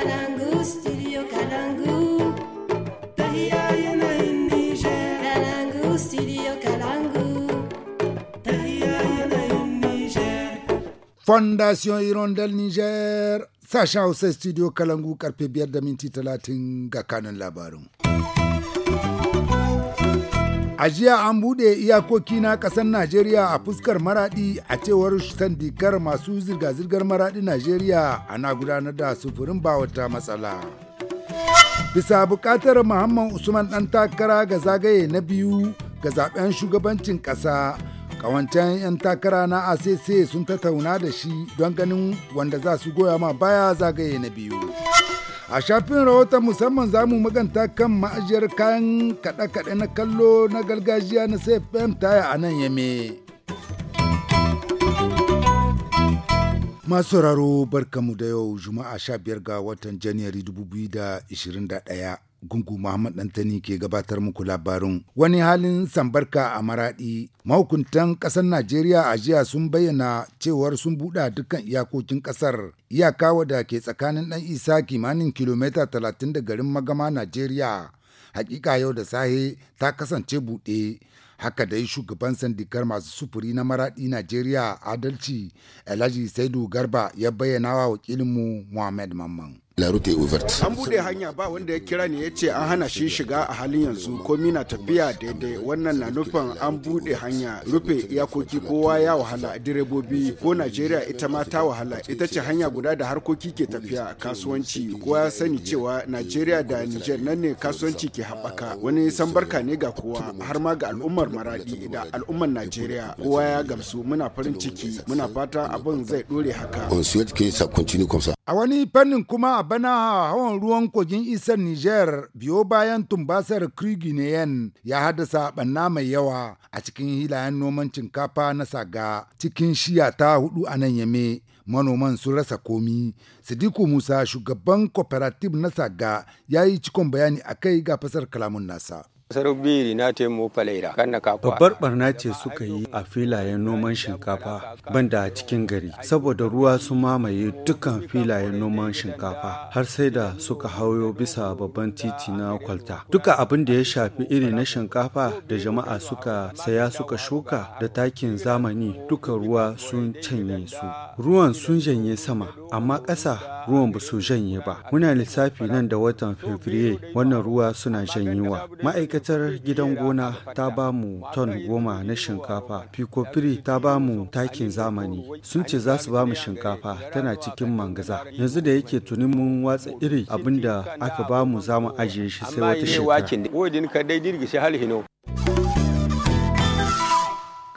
Kalangu, studio Kalangu. Tahia yanayin Niger. Kalangu, studio Kalangu. yanayin Fondation Hirondelle Niger. Sashen Hausa Studio Kalangu karfe biyar da minti talatin ga kanin labarin. A jiya an buɗe iyakoki na ƙasar Najeriya a fuskar maraɗi a cewar sandikar masu zirga-zirgar maraɗi Najeriya ana gudanar da sufurin ba wata matsala. Bisa buƙatar Muhammad Usman ɗan takara ga zagaye na biyu ga zaɓen shugabancin ƙasa, ƙawancen 'yan takara na ACC sun tattauna da shi don ganin wanda za su goya ma baya zagaye na biyu. A shafin rahoton musamman za mu maganta kan ma'ajiyar kayan kaɗe-kaɗe na kallo na gargajiya na CFM taya a nan yame. Masu raro barkamu da yau Juma'a 15 ga watan Janairu 2021. gungu Muhammad Dantani ke gabatar muku labarin. Wani halin sambarka a maraɗi, mahukuntan ƙasar Najeriya a jiya sun bayyana cewar sun buɗa dukkan iyakokin ƙasar. Iyaka wadda ke tsakanin ɗan isa kimanin kilomita talatin da garin magama Najeriya. Hakika yau da sahe ta kasance buɗe. Haka dai shugaban sandikar masu sufuri na maraɗi Najeriya adalci Elaji Saidu Garba ya bayyana wa wakilinmu Muhammad Mamman. la route est an bude hanya ba wanda ya kira ne ya ce an hana shi shiga a halin yanzu komi na tafiya daidai wannan na nufin an bude hanya rufe iyakoki kowa ya wahala direbobi ko najeriya ita ma ta wahala ita ce hanya guda da harkoki ke tafiya kasuwanci kowa ya sani cewa najeriya da niger nan ne kasuwanci ke haɓaka wani san barka ne ga kowa har ma ga al'ummar maradi da al'ummar najeriya kowa ya gamsu muna farin ciki muna fata abin zai ɗore haka on souhaite que ça continue comme A wani fannin kuma a bana hawan ruwan kogin isar Niger biyo bayan tumbasar Kriginayen ya haddasa ɓanna mai yawa a cikin hilayen noman cinkafa na saga cikin shiya ta hudu a nan yame. Manoman sun rasa komi. Sidiku Musa shugaban cooperative na saga ya yi cikon bayani a kai ga fasar kalamun nasa. Kasar Babbar barna ce suka yi a filayen noman shinkafa banda a cikin gari, saboda ruwa su mamaye dukkan filayen noman shinkafa har sai da suka hauyo bisa babban titi na kwalta. Duka abin da ya shafi iri na shinkafa da jama'a suka saya suka shuka da takin zamani duka ruwa sun canye su. Ruwan sun janye sama, amma ƙasa ruwan ba su janye ba. Muna lissafi nan da watan Fabrairu wannan ruwa suna janyewa. Ma'aikata ma'aikatar gidan gona ta ba mu ton goma na shinkafa fikofiri ta ba mu takin zamani sun ce za su ba mu shinkafa tana cikin mangaza yanzu da yake tuni mun watsa iri abinda aka ba mu za mu ajiye shi sai wata shekara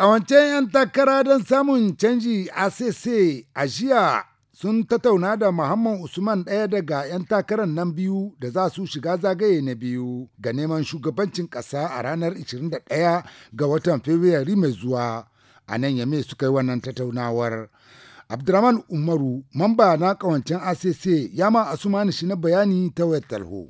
Ƙawancen 'yan takara don samun canji a sese a jiya sun tattauna da Muhammad Usman ɗaya daga 'yan takarar nan biyu da za su shiga zagaye na biyu ga neman shugabancin ƙasa a ranar 21 ga watan Fabrairu mai zuwa. A nan ya me suka yi wannan tattaunawar. Abdurrahman Umaru, mamba na kawancin ACC, ya ma Asumani shi na bayani ta wayar talho.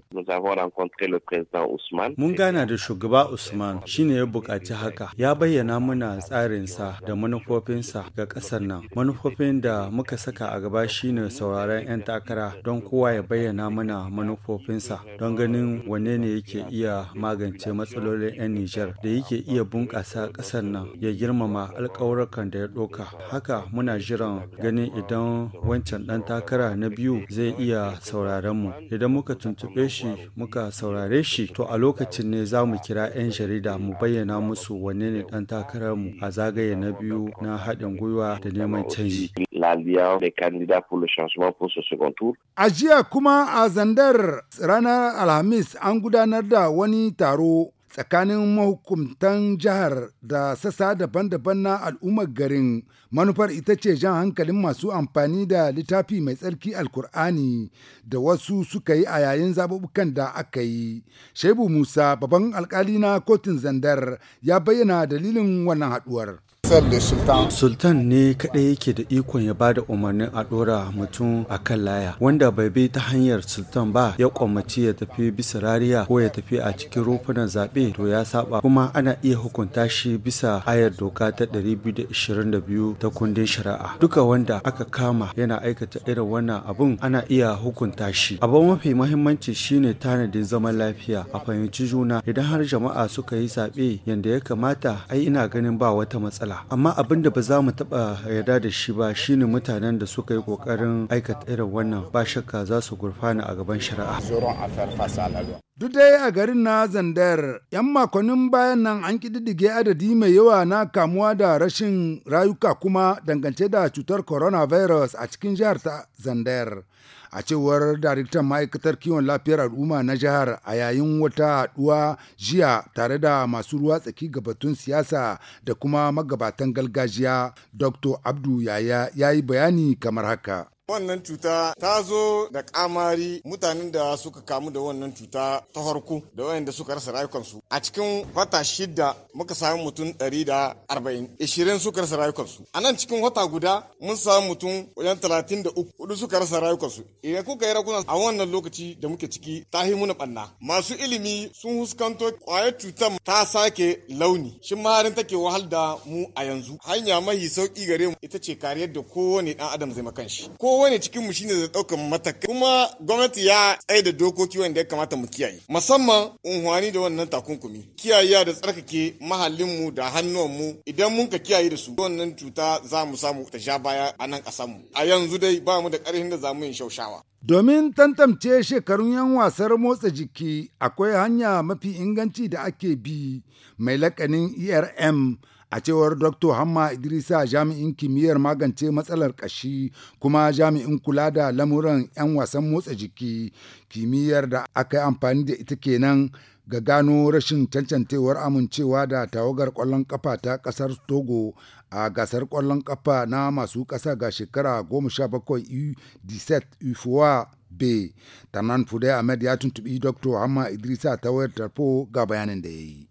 Mun gana da shugaba Usman shine ya buƙaci haka. Ya bayyana muna tsarinsa da manufofinsa ga ƙasar nan. Manufofin da muka saka a gaba shine sauraron 'yan takara don kowa ya bayyana mana manufofinsa don ganin wanne ne yake iya magance matsalolin 'yan Nijar da yake iya bunƙasa ƙasar nan ya girmama alƙawurkan da ya ɗauka. Haka muna jiran ganin idan wancan ɗan takara na biyu zai iya sauraren mu idan muka tuntuɓe shi muka saurare shi to a lokacin ne za mu kira 'yan jarida mu bayyana musu wanne ne ɗan takarar mu a zagaye na biyu na haɗin gwiwa da neman canji. A jiya kuma a zandar ranar Alhamis an gudanar da wani taro tsakanin mahukuntan jihar da sassa daban-daban na al'ummar garin manufar ita ce jan hankalin masu amfani da littafi mai tsarki alkur'ani da wasu suka yi a yayin zaɓuɓɓukan da aka yi shaibu musa babban alkali na kotun zandar ya bayyana dalilin wannan haɗuwar Sultan ne kaɗai yake da ikon ya bada umarnin a ɗora mutum a kan laya, wanda bai bi ta hanyar Sultan ba ya kwamaci ya tafi bisa rariya ko ya tafi a cikin rufunan zaɓe to ya saba kuma ana iya hukunta shi bisa ayar doka ta 222 ta kundin shari'a. Duka wanda aka kama yana aikata irin wannan abun ana iya hukunta shi. Abu mafi mahimmanci shine tanadin zaman lafiya a fahimci juna idan har jama'a suka yi zaɓe yadda ya kamata ai ina ganin ba wata matsala. amma abin da ba za mu taɓa yarda da shi ba shine mutanen da suka yi ƙoƙarin aikata irin wannan ba shakka za su gurfana a gaban shari'a Duk dai a garin na zandar, 'yan makonnin bayan nan an ƙididdige adadi mai yawa na kamuwa da rashin rayuka kuma dangance da cutar coronavirus a cikin jihar ta zandar. a cewar daraktan ma'aikatar kiwon lafiyar al'umma na jihar a yayin wata haɗuwa jiya tare da masu ruwa tsaki gabatun siyasa da kuma magabatan galgajiya, dr abdu yaya ya yi bayani kamar haka wannan cuta ta zo da kamari mutanen da suka kamu da wannan cuta ta farko da wayanda suka rasa rayukansu a cikin wata shida muka samu mutum 140 da arba'in ishirin suka rasa rayukansu a nan cikin wata guda mun samu mutum wajen talatin da hudu suka rasa rayukansu idan kuka yi rakuna a wannan lokaci da muke ciki ta yi muna banna masu ilimi sun huskanto kwayar cutar ta sake launi shin maharin take wahal da mu a yanzu hanya mahi sauƙi gare mu ita ce kariyar da kowane ɗan adam zai makan shi ko kowane cikin mu shine da ɗaukar matakai kuma gwamnati ya tsaye da dokoki wanda ya kamata mu kiyaye musamman unhwani da wannan takunkumi kiyaye da tsarkake mahallinmu da hannuwan mu idan mun ka kiyaye da su wannan cuta za mu samu ta sha baya a nan mu a yanzu dai ba mu da ƙarfin da za mu yin shaushawa Domin tantance shekarun 'yan wasar motsa jiki akwai hanya mafi inganci da ake bi mai lakanin ERM a cewar dr hamma idrisa jami'in kimiyyar magance matsalar kashi kuma jami'in kula da lamuran 'yan wasan motsa jiki kimiyyar da aka yi amfani da ita kenan ga gano rashin cancantewar amincewa da tawagar kwallon kafa ta kasar togo a gasar kwallon kafa na masu kasa ga shekara 17 u b tanan fudai ahmed ya tuntubi dr hamma idrisa ta wayar tarfo ga bayanin da ya yi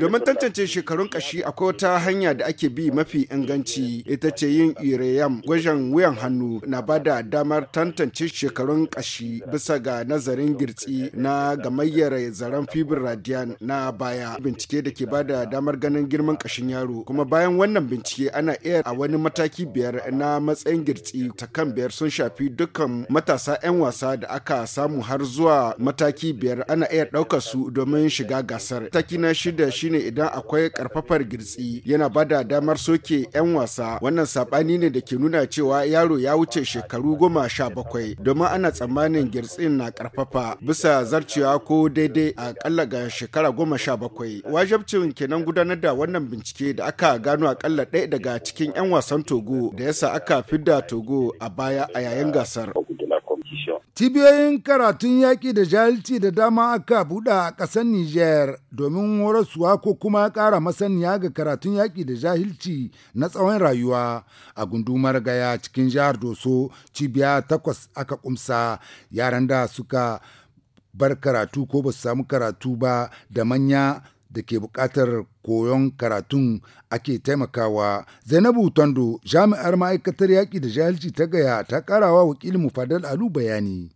Domin tantance shekarun kashi akwai wata hanya da ake bi mafi inganci ita ce yin ireyam gwajin wuyan hannu na bada damar tantance shekarun kashi bisa ga nazarin girtsi na gamayyar zaren fibir radiyan na baya bincike da ke bada damar ganin girman kashin yaro kuma bayan wannan bincike ana iya a wani mataki biyar na matsayin girtsi ta kan biyar sun shafi dukkan matasa 'yan wasa da aka samu har zuwa mataki biyar ana iya ɗaukar su domin shiga gasar. Taki na shida shida shine idan akwai karfafar girtsi yana bada damar soke 'yan wasa wannan sabani ne da ke nuna cewa yaro ya wuce shekaru goma sha bakwai domin ana tsammanin girtsin na karfafa bisa zarciwa ko daidai a kalla ga shekara goma sha bakwai wajabcin kenan gudanar da wannan bincike da aka gano akalla ɗaya daga cikin 'yan wasan togo da yasa aka fidda togo a baya a yayin gasar kishon. Cibiyoyin karatun yaƙi da jahilci da dama aka buɗa a ƙasar Nijar domin horaswa ko kuma ƙara masaniya ga karatun yaƙi da jahilci na tsawon rayuwa a gundumar gaya cikin jihar Doso cibiya takwas aka kumsa yaran da suka bar karatu ko ba su samu karatu ba da manya da ke buƙatar koyon karatun ake taimakawa zainabu tondo jami'ar ma'aikatar yaƙi da jahilci ta gaya ta karawa wakilin mu fadal alu bayani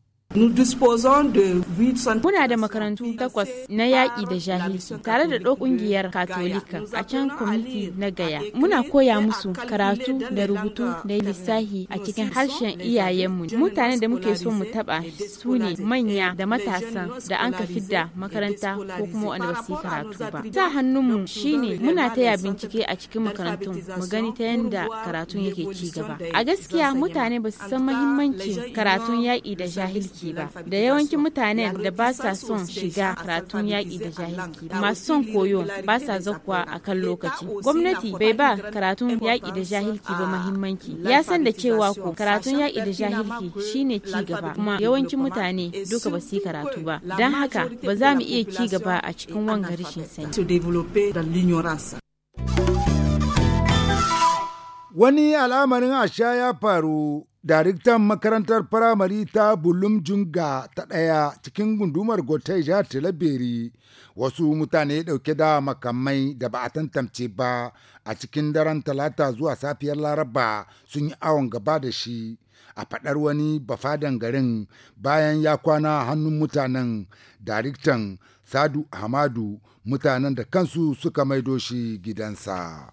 Muna da makarantu takwas na yaƙi da jahilci tare da ɗo ƙungiyar Katolika a can kwamiti na Gaya. Muna koya musu karatu da rubutu da lissahi a cikin harshen iyayenmu. Mutane da muke so mu taɓa su ne manya da matasa da an ka fidda makaranta ko kuma wani ba su karatu ba. Sa hannunmu ne. muna taya bincike a cikin makarantun mu gani ta yadda karatun yake ci gaba. A gaskiya mutane ba su san mahimmancin karatun yaƙi da jahilci yaƙi ba da yawancin mutanen da ba sa son shiga karatun yaƙi da jahilci masu son koyo ba sa zakwa a kan lokaci gwamnati bai ba karatun yaƙi da jahilci ba ah, mahimmanci ya san da cewa ko karatun yaƙi da jahilci shine ci gaba kuma yawancin mutane duka ba su karatu ba don haka ba za mu iya ci gaba a cikin wanga rashin sani wani al'amarin asha ya faru daraktan makarantar firamare ta bulum junga ta ɗaya cikin gundumar gotai jihar wasu mutane ɗauke da makamai da ba a tantance ba a cikin daren talata zuwa safiyar laraba sun yi awon gaba da shi a faɗar wani bafadan garin bayan ya kwana hannun mutanen daraktan sadu hamadu mutanen da kansu suka maido shi gidansa.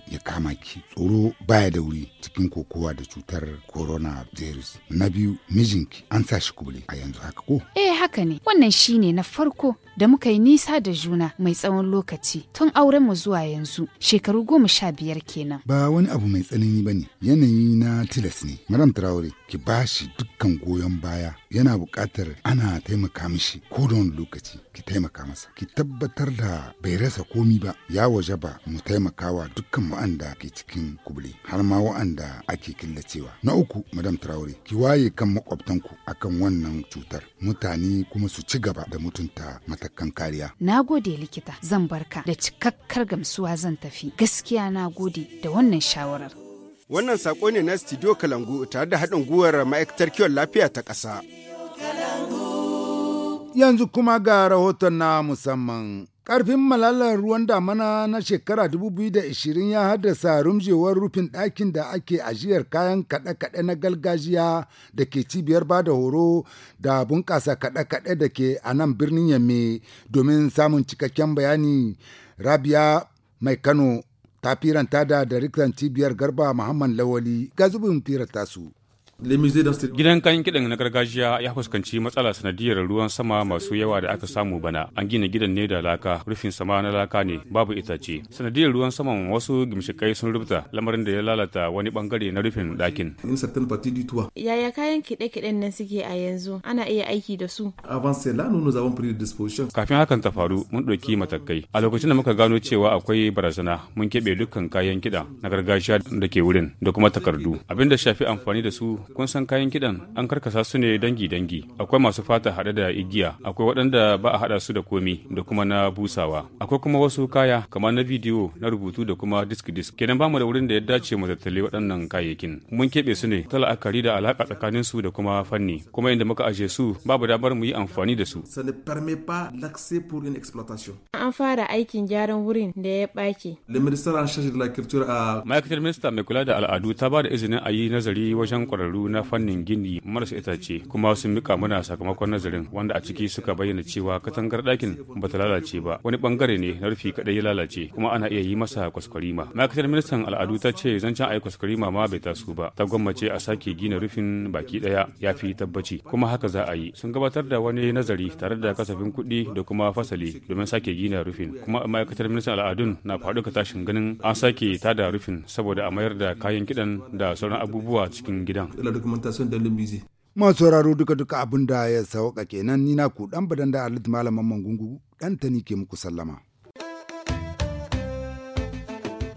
ya kama ki tsoro baya da wuri cikin kokowa da cutar virus na biyu mijinki an sa shi kubule a yanzu haka ko eh haka ne wannan shine na farko da muka yi nisa da juna mai tsawon lokaci tun auren mu zuwa yanzu shekaru goma sha biyar kenan ba wani abu mai tsanani bane yanayi na tilas ne madam traore ki shi dukkan goyon baya yana buƙatar ana taimaka mishi ko da wani lokaci ki taimaka masa ki tabbatar da bai rasa komi ba ya waje ba mu taimakawa dukkan wa'anda ke cikin kubule har ma wa'anda ake killacewa. Na uku Madam Traore ki waye kan makwabtanku akan wannan cutar mutane kuma su ci gaba da mutunta matakan kariya. Na gode likita zan barka da cikakkar gamsuwa zan tafi gaskiya na gode da wannan shawarar. Wannan sako ne na Studio Kalangu tare da haɗin gwiwar ma'aikatar kiwon lafiya ta ƙasa. Yanzu kuma ga rahoton na musamman Ƙarfin malalar ruwan damana na shekara 2020 ya haddasa rumjewar rufin ɗakin da ake ajiyar kayan kaɗe-kaɗe na gargajiya da ke cibiyar ba da horo da bunƙasa kaɗe-kaɗe da ke a nan birnin Yamme domin samun cikakken bayani. Rabia mai Kano ta firanta da daraktan cibiyar Garba Muhammad Lawali ga zubin firanta su. Gidan kayan kiɗan na gargajiya ya fuskanci matsala sanadiyar ruwan sama masu yawa da aka samu bana. An gina gidan ne da laka, rufin sama na laka ne, babu itace. Sanadiyar ruwan saman wasu gimshikai sun rubuta lamarin da ya lalata wani bangare na rufin ɗakin. Yaya kayan kiɗe-kiɗen nan suke a yanzu? Ana iya aiki da su. Kafin hakan ta faru, mun ɗauki matakai. A lokacin da muka gano cewa akwai barazana, mun keɓe dukkan kayan kiɗa na gargajiya da ke wurin da kuma takardu. Abin da shafi amfani da su kun san kayan kiɗan an karkasa su ne dangi-dangi. Akwai masu fata haɗe da igiya, akwai waɗanda ba a haɗa su da komi da kuma na busawa. Akwai kuma wasu kaya kamar na bidiyo, na rubutu da kuma disk-disk. Kenan ba mu da wurin da ya dace mu tattali waɗannan kayayyakin. Mun keɓe su ne ta la'akari da alaƙa tsakanin su da kuma fanni, kuma inda muka aje su babu damar mu yi amfani da su. An fara aikin gyaran wurin da ya ɓaci. Ma'aikatar Minista mai kula da al'adu ta ba da izinin a yi nazari wajen ƙwararru ƙwararru na fannin gini marasa itace kuma sun mika muna sakamakon nazarin wanda a ciki suka bayyana cewa katangar dakin ba ta lalace ba wani bangare ne na rufi kaɗai ya lalace kuma ana iya yi masa kwaskwarima ma'aikatar ministan al'adu ta ce zancen a yi kwaskwarima ma bai taso ba ta gwammace a sake gina rufin baki ɗaya ya fi tabbaci kuma haka za a yi sun gabatar da wani nazari tare da kasafin kuɗi da kuma fasali domin sake gina rufin kuma ma'aikatar ministan al'adun na faɗuka tashin ganin an sake tada rufin saboda a mayar da kayan kiɗan da sauran abubuwa cikin gidan la documentation de le masu sauraro duka duka abin da ya sauka kenan ni na ku dan badan da alit malaman mangungu dan tani ke muku sallama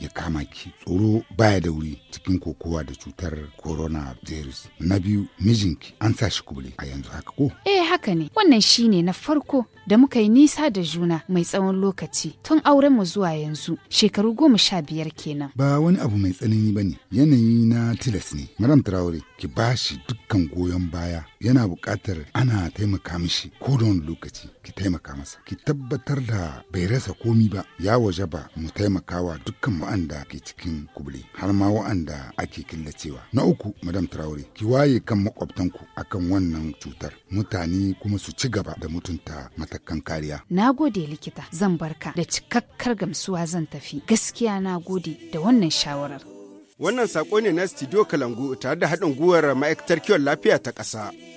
ya kama ki tsoro baya da wuri cikin kokowa da cutar coronavirus na biyu mijinki an sa shi kubule a yanzu haka ko eh haka ne wannan shine na farko da muka yi nisa da juna mai tsawon lokaci tun auren mu zuwa yanzu shekaru goma sha biyar kenan ba wani abu mai tsanani bane yanayi na tilas ne madam traore ki bashi dukkan goyon baya yana buƙatar ana taimaka mishi ko da wani lokaci ki taimaka masa ki tabbatar da bai rasa komi ba ya waje ba mu taimakawa dukkan wa'anda ke cikin kubule har ma wa'anda ake killacewa na uku madam traore ki waye kan makwabtanku akan wannan cutar mutane kuma su ci gaba da mutunta matakan kariya na gode likita zan barka da cikakkar gamsuwa zan tafi gaskiya na gode da wannan shawarar wannan sako ne na studio kalangu tare da haɗin gwiwar ma'aikatar kiwon lafiya ta ƙasa.